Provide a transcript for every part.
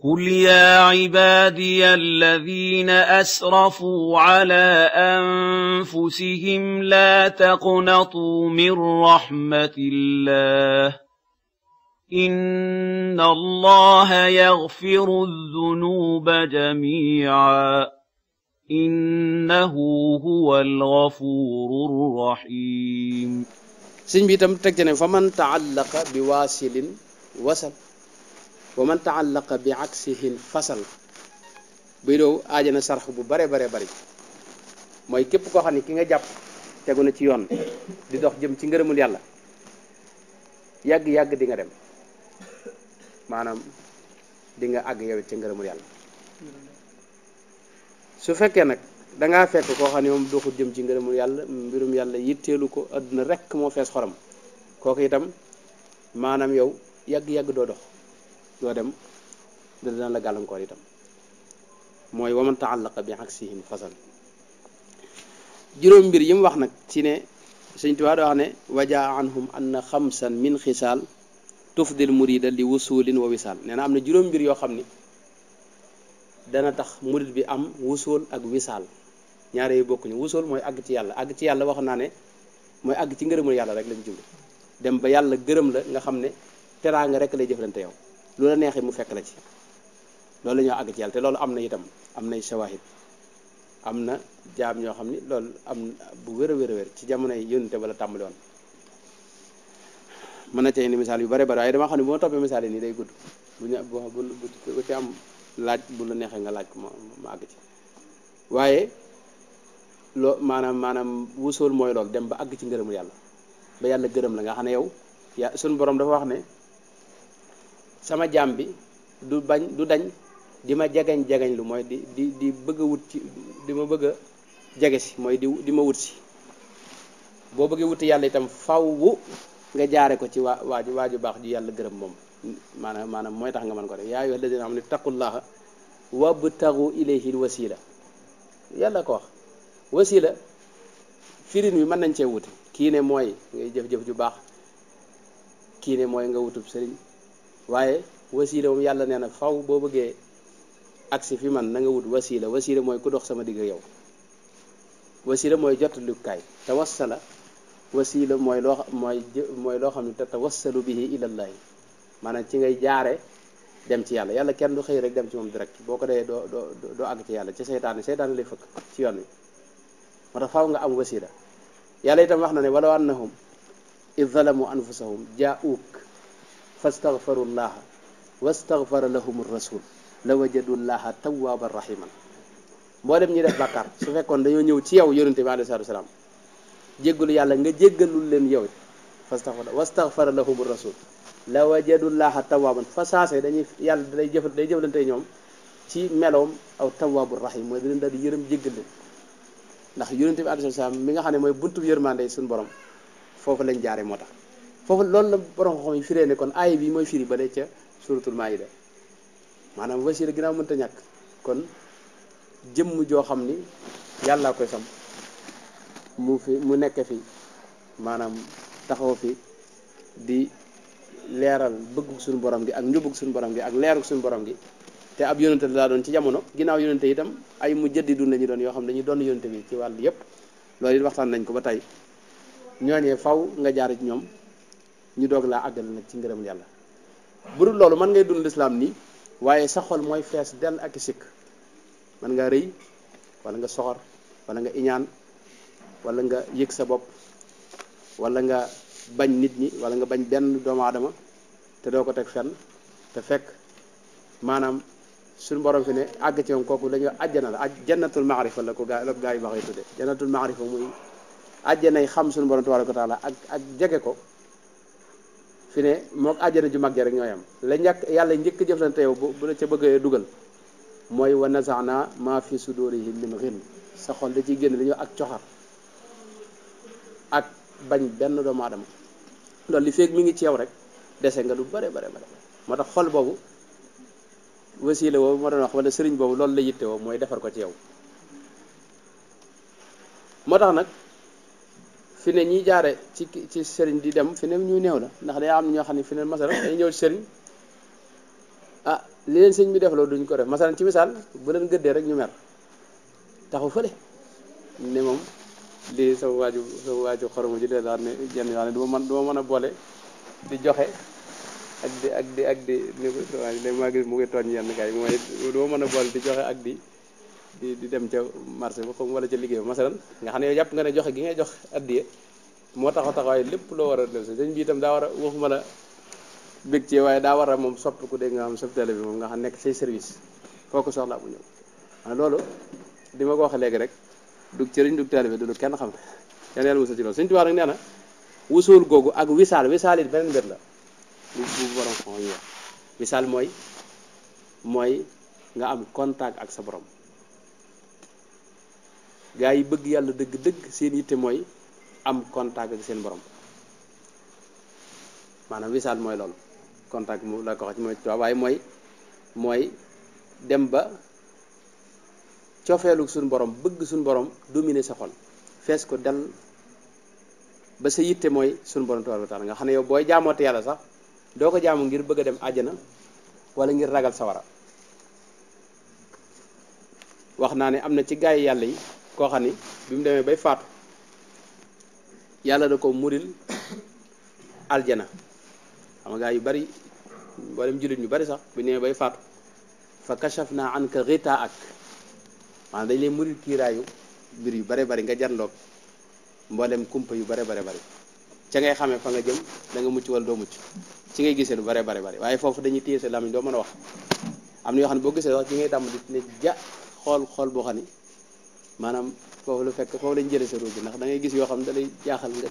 قل يا عبادي الذين أسرفوا على أنفسهم لا تقنطوا من رحمة الله إن الله يغفر الذنوب جميعا إنه هو الغفور الرحيم سنبي تم فمن تعلق بواصل وصل wa man taallaqa bi aksihin fasal buy doow aajana bu bare bare bari mooy képp koo xam ne ki nga jàpp tegu ci yoon di dox jëm ci ngërëmul yàlla yàgg-yàgg di nga dem maanaam di nga àgg yow ci ngërëmul yàlla su fekkee nag dangaa fekk koo xam ne moom doxul jëm ci ngërëmul yàlla mbirum yàlla ko àdduna rekk moo fees xoram kooku itam yow dox doo dem dana la gàllankoor itam mooy waman taallaqa bi aksihin fasal juróom mbir yi mu wax nag ci ne Sëñ Tuubaa daa wax ne wajaa anhum anna xamsan min xisaal tufdil murida li wusulin wa wisaal nee na am na juróom mbir yoo xam ne dana tax murid bi am wusul ak wisaal ñaare yu bokkuñu wusul mooy àgg ci yàlla àgg ci yàlla wax naa ne mooy àgg ci ngërëmul yàlla rek lañ jublu dem ba yàlla gërëm la nga xam ne nga rekk lay jëflante yow lu la mu fekk la ci loolu la ñoo àgg ci yàlla te loolu am na itam am nay shawahid am na jaam ñoo xam ni am bu wér a wér a wér ci jamono yi yónnte wala tàmbali woon mën na cay ni misaal yu bare bare waaye dama xam ne bu ma toppee misaal yi nii day gudd bu ñu bu ci am laaj bu la neexee nga laaj ko ma ma ci waaye lo maanaam maanaam wusool mooy lool dem ba ag ci ngërëmul yàlla ba yàlla gërëm la nga xam ne yow ya sun borom dafa wax ne sama jaam bi du bañ du dañ di ma jagañ jagañ lu mooy di di di bëgg wut ci di ma bëgg jege si mooy di di ma wut si boo bëggee wuti yàlla itam fawwu nga jaare ko ci waa waa waa ju baax ju yàlla gërëm moom maanaam maanaam mooy tax nga mën ko def yaa ayyuha alladina amanu ittaqullaha wabtagu ilayhi alwasila yàlla ko wax wasila firin wi mën nañ cee wuti kii ne mooy ngay jëf-jëf ju baax kii ne mooy nga wutu sëriñ waaye wasiila moom yàlla nee na faw boo bëggee agsi fi man na nga wut wasiila wasiila mooy ku dox sama digg yow wasiila mooy jottalukaay tawassala wasiila mooy loo mooy mooy loo xam ne te tawassalu bihi ilallaahi maanaam ci ngay jaare dem ci yàlla yàlla kenn du xëy rek dem ci moom direct boo ko dee doo doo doo àgg ci yàlla ci seytaane seytaane lay fëkk ci yoon wi moo tax faaw nga am wasiila yàlla itam wax na ne walaw annahum id zalamu anfusahum jaa'uuk فاستغفروا الله واستغفر lahum rasul la wajadu llaha tawwaban rahiman mboolem ñu def bàkkaar su fekkoon dañoo ñëw ci yow yonente bi alayhi salaatu wasalaam jéggalu yàlla nga jéggalul leen yow fastaghfara wastaghfara lahum rasul la wajadu llaha tawwaban fa saase dañuy yàlla day jëfal day jëflante ñoom ci meloom aw tawwabu rahim mooy dinañ daal di yërëm jéggal leen ndax yonente bi alayhi salaam mi nga xam ne mooy buntu yërmande suñu borom foofu lañ jaare moo tax foofu loolu la borom xam yi firee ne kon aaya bi mooy firi ba de ca suratul maayida maanaam wasila ginnaaw mënta ñàkk kon jëmm joo xam ni yàllaa koy sam mu fi mu nekk fi maanaam taxaw fi di leeral bëggug suñu borom gi ak njubug suñu borom gi ak leerug suñu borom gi te ab yonente daa doon ci jamono ginnaaw yonente itam ay mu jëddi du la ñu doon yoo xam ne dañuy doon yonente bi ci wàll yépp loolu it waxtaan nañ ko ba tey ñooñee faw nga jaar ci ñoom ñu dog la àggal nak ci ngërëm yalla buru lolu man ngay dund l'islam ni waye sa xol moy fess del ak sik man nga reuy wala nga soxor wala nga iñaan wala nga yek sa bop wala nga bañ nit ñi wala nga bañ ben doom adama te do ko tek fenn te fek manam suñu borom fi ne ag ci ko ko dañoo aljana la jannatul ma'rifa la ko gaay la gaay yi tudde jannatul ma'rifa muy xam suñu borom ko taala ak ak jégué ko fi ne moo àjjana ju mag ja rek ñooy am la njëkk yàlla njëkk jëflante yow bu la ca bëggee dugal mooy wa nazaana ma fi sudurihim min ghin sa xol da ciy génn li ak coxar ak bañ benn doomu aadama loolu li feeg mi ngi ci yow rek dese nga lu bare bare bare moo tax xol boobu wasiila boobu moo doon wax wala sëriñ boobu loolu la yitte woo mooy defar ko ci yow moo tax nag fi ne ñiy jaare ci ci sëriñ di dem fi ñuy ñu néew la ndax day am ñoo xam ne fi ne masalan ñëw ci sëriñ ah li leen sëñ bi def loolu duñ ko def masalan ci misaal bu leen gëddee rek ñu mer taxu fële ne moom lii sama waaju sama waaju xoroma ji deel wax ne jenn yoo xam ne du ma mën mën a boole di joxe ak di ak di ak di ni ko waaj gis mu ngi tooñ yenn gars yi mooy du ma mën a boole di joxe ak di di di dem ca marché ba comme wala ca liggéey ba masalan nga xam ne yow nga ne joxe gi ngay jox addiye moo tax taxawaay lépp loo war a def si sëñ bi itam daa war a waxuma la bég ci waaye daa war a moom sopp ku dégg nga am soptale bi moom nga xam nekk say service foo ko soxlaa mu ñëw a loolu di ma ko wax léegi rek dug cëriñ dug taalibe du lu kenn xam yàlla yàlla musal ci loolu suñu tubaab nag nee na wusul googu ak wisaal wisaal it beneen mbir la bu borom xam ñu wax wisaal mooy mooy nga am contact ak sa borom gaay bëgg yàlla dëgg-dëgg seen yitte mooy am contact ak seen borom maanaam wisaal mooy loolu contact mu la ko wax moy mooy tubaab waaye mooy mooy dem ba cofeelu suñu borom bëgg suñu borom dominer sa xol fees ko dal ba sa yitte mooy suñu borom tubaab taala nga xam ne yow booy jaamoote yàlla sax doo ko jaamu ngir bëgg a dem àjjana wala ngir ragal sawara wax naa ne am na ci gaay yàlla yi koo xam bi mu demee bay faatu yàlla da ko muril aljana xam nga yu bari wala mu jullit ñu bari sax bu ñu demee bay faatu fa kachaf naa an ka rita ak maanaam dañ lay muril kiiraayu mbir yu bare bari nga janloog mboolem kumpa yu bare bari bari ca ngay xamee fa nga jëm danga nga mucc wala doo mucc ci ngay gisee lu bare bare bari waaye foofu dañuy téye sa lamiñ doo mën a wax am na yoo xam ne boo gisee wax ci ngay tàmm di ne ja xool xool boo xam ni maanaam foofu lu fekk foofu lañ jëlee sa ruuj ndax dangay gis yoo xam ne da jaaxal nga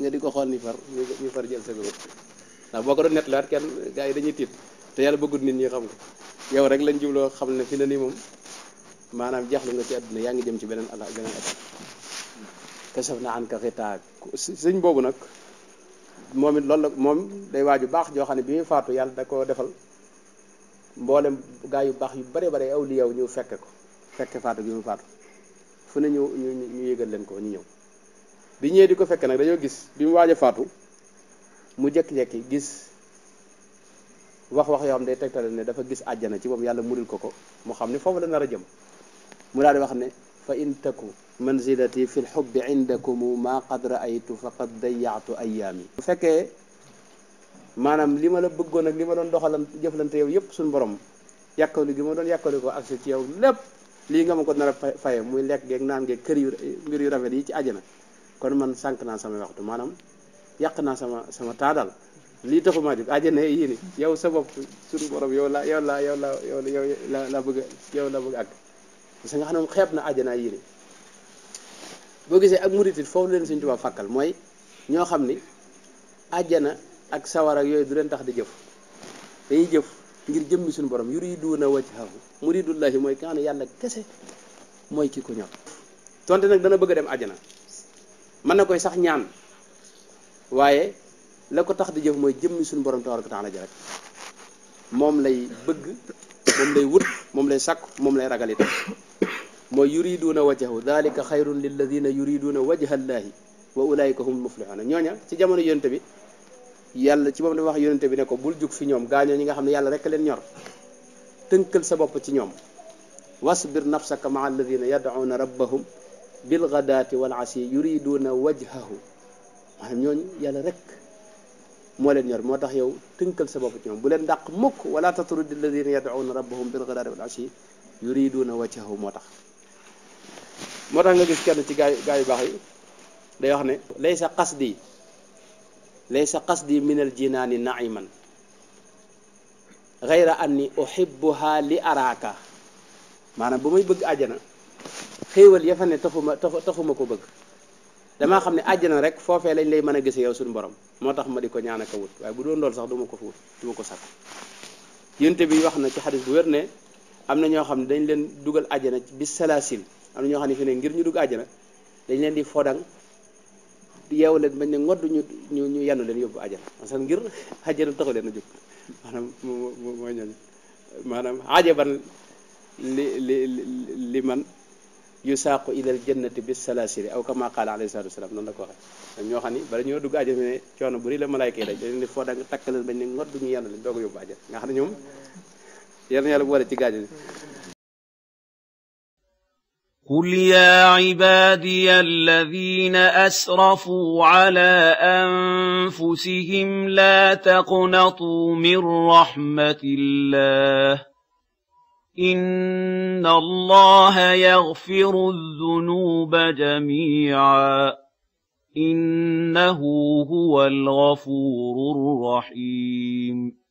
nga di ko xool ni far ñu far jël sa ruuj ndax boo ko doon nettalaat kenn gars yi dañuy tiit te yàlla bëggut nit ñi xam ko yow rek lañ jubloo xam ne fi na ni moom maanaam jaxlu nga ci àdduna yaa ngi jëm ci beneen ala beneen étape kasaf na an ka sëñ boobu nag moom it loolu la moom day waaju baax joo xam ne bi muy faatu yàlla da koo defal mboolem gaa yu baax yu bare bare awliya yow ñëw fekke ko fekke faatu bi mu fu ne ñu ñu ñu yëgal leen ko ñu ñëw bi ñëwee di ko fekk nag dañoo gis bi mu waaj a faatu mu jékki-jékki gis wax wax yoo xam ne day tegtale ne dafa gis àjjana ci moom yàlla muril ko ko mu xam ne foofu la nar a jëm mu daal di wax ne fa in taku manzilati fi lxubbi indakumu ma qad raaytu faqad dayaatu ayaami bu fekkee maanaam li ma la bëggoon ak li ma doon doxalan jëflante yow yëpp suñu borom yàkkali gi ma doon yàkkali ko accès ci yow lépp li nga ma ko nar a muy lek gek nan gek kër yu mbir yu rafet yi ci aljana kon man sank na sama waxtu manam yak na sama sama tadal li taxu ma djuk aljana yi ni yow sa bop suñu borom yow la yow la yow la yow la la bëgg yow la bëgg ak parce nga xanam xép na aljana yi ni bo gisé ak murit it foofu leen suñ tubaab fàkkal mooy ñoo xam ni ak sawar ak yoy du leen tax di jëf dañuy jëf ngir jëmmi suñu borom yuriduuna wajhahu muridullahi mooy kaanu yàlla kese mooy ki ko ñor tonte nag dana bëgg a dem àjjana mën na koy sax ñaan waaye la ko tax di jëf mooy jëmm suñu borom tabaraka taala ji rek moom lay bëgg moom lay wut moom lay sàkk moom lay ragal itam mooy yuriduuna wajhahu dalika xayrun lilladina yuriduuna wajha allaahi wa ulaika humul muflixuuna ñooña ci jamono yonte bi yàlla ci moom dafa wax yonente bi ne ko bul jug fi ñoom gaañoo ñi nga xam ne yàlla rek leen ñor tënkal sa bopp ci ñoom wasbir nafsaka maa alladina yad'uuna rabbahum bilgadaati wal asi yuriduuna wajhahu maanaam ñooñu yàlla rek moo leen ñor moo tax yow tënkal sa bopp ci ñoom bu leen dàq mukk wala tatrudi alladina yad'uuna rabbahum bilgadaati wal asi yuriduuna wajhahu moo tax moo tax nga gis kenn ci gaay gaay yu baax yi day wax ne laysa qasdi ليس قصدي من الجنان نعيما غير اني احبها لاراك مانا بومي بغ اجانا خيوال يا فني تفوما تفوما كو بغ دما خامني اجانا ريك فوفي لاي لاي مانا غيس يا سون بوروم موتاخ ما ديكو نيانا كو ووت واي بودون دول صاح دوما كو فوت دوما كو ساك ينت بي واخنا تي حديث بو ورني امنا ньо خامني دنج لين دوجال اجانا بي سلاسل امنا ньо خاني فني غير ني دوج اجانا دنج لين دي فودان yeewu leen bañ ne ngodd ñu ñu ñu yanu leen yóbbu ajana parce que ngir ajana taxu leen a jóg maanaam mooy ñooñu maanaam ajaban li li li man yusaaqu ilal jannati bis salaasili aw kama qaala alayhi salaatu wasalaam noonu la ko waxee ñoo xam ni bala ñoo dugg ajana ne coono bu ri la malaayka yi daj dañ ne foo da nga takk leen bañ ne ngodd ñu yanu leen doog a yóbbu ajana nga xam ne ñoom yàlla yàlla boole ci gaajo قل يا عبادي الذين أسرفوا على أنفسهم لا تقنطوا من رحمة الله إن الله يغفر الذنوب جميعا إنه هو الغفور الرحيم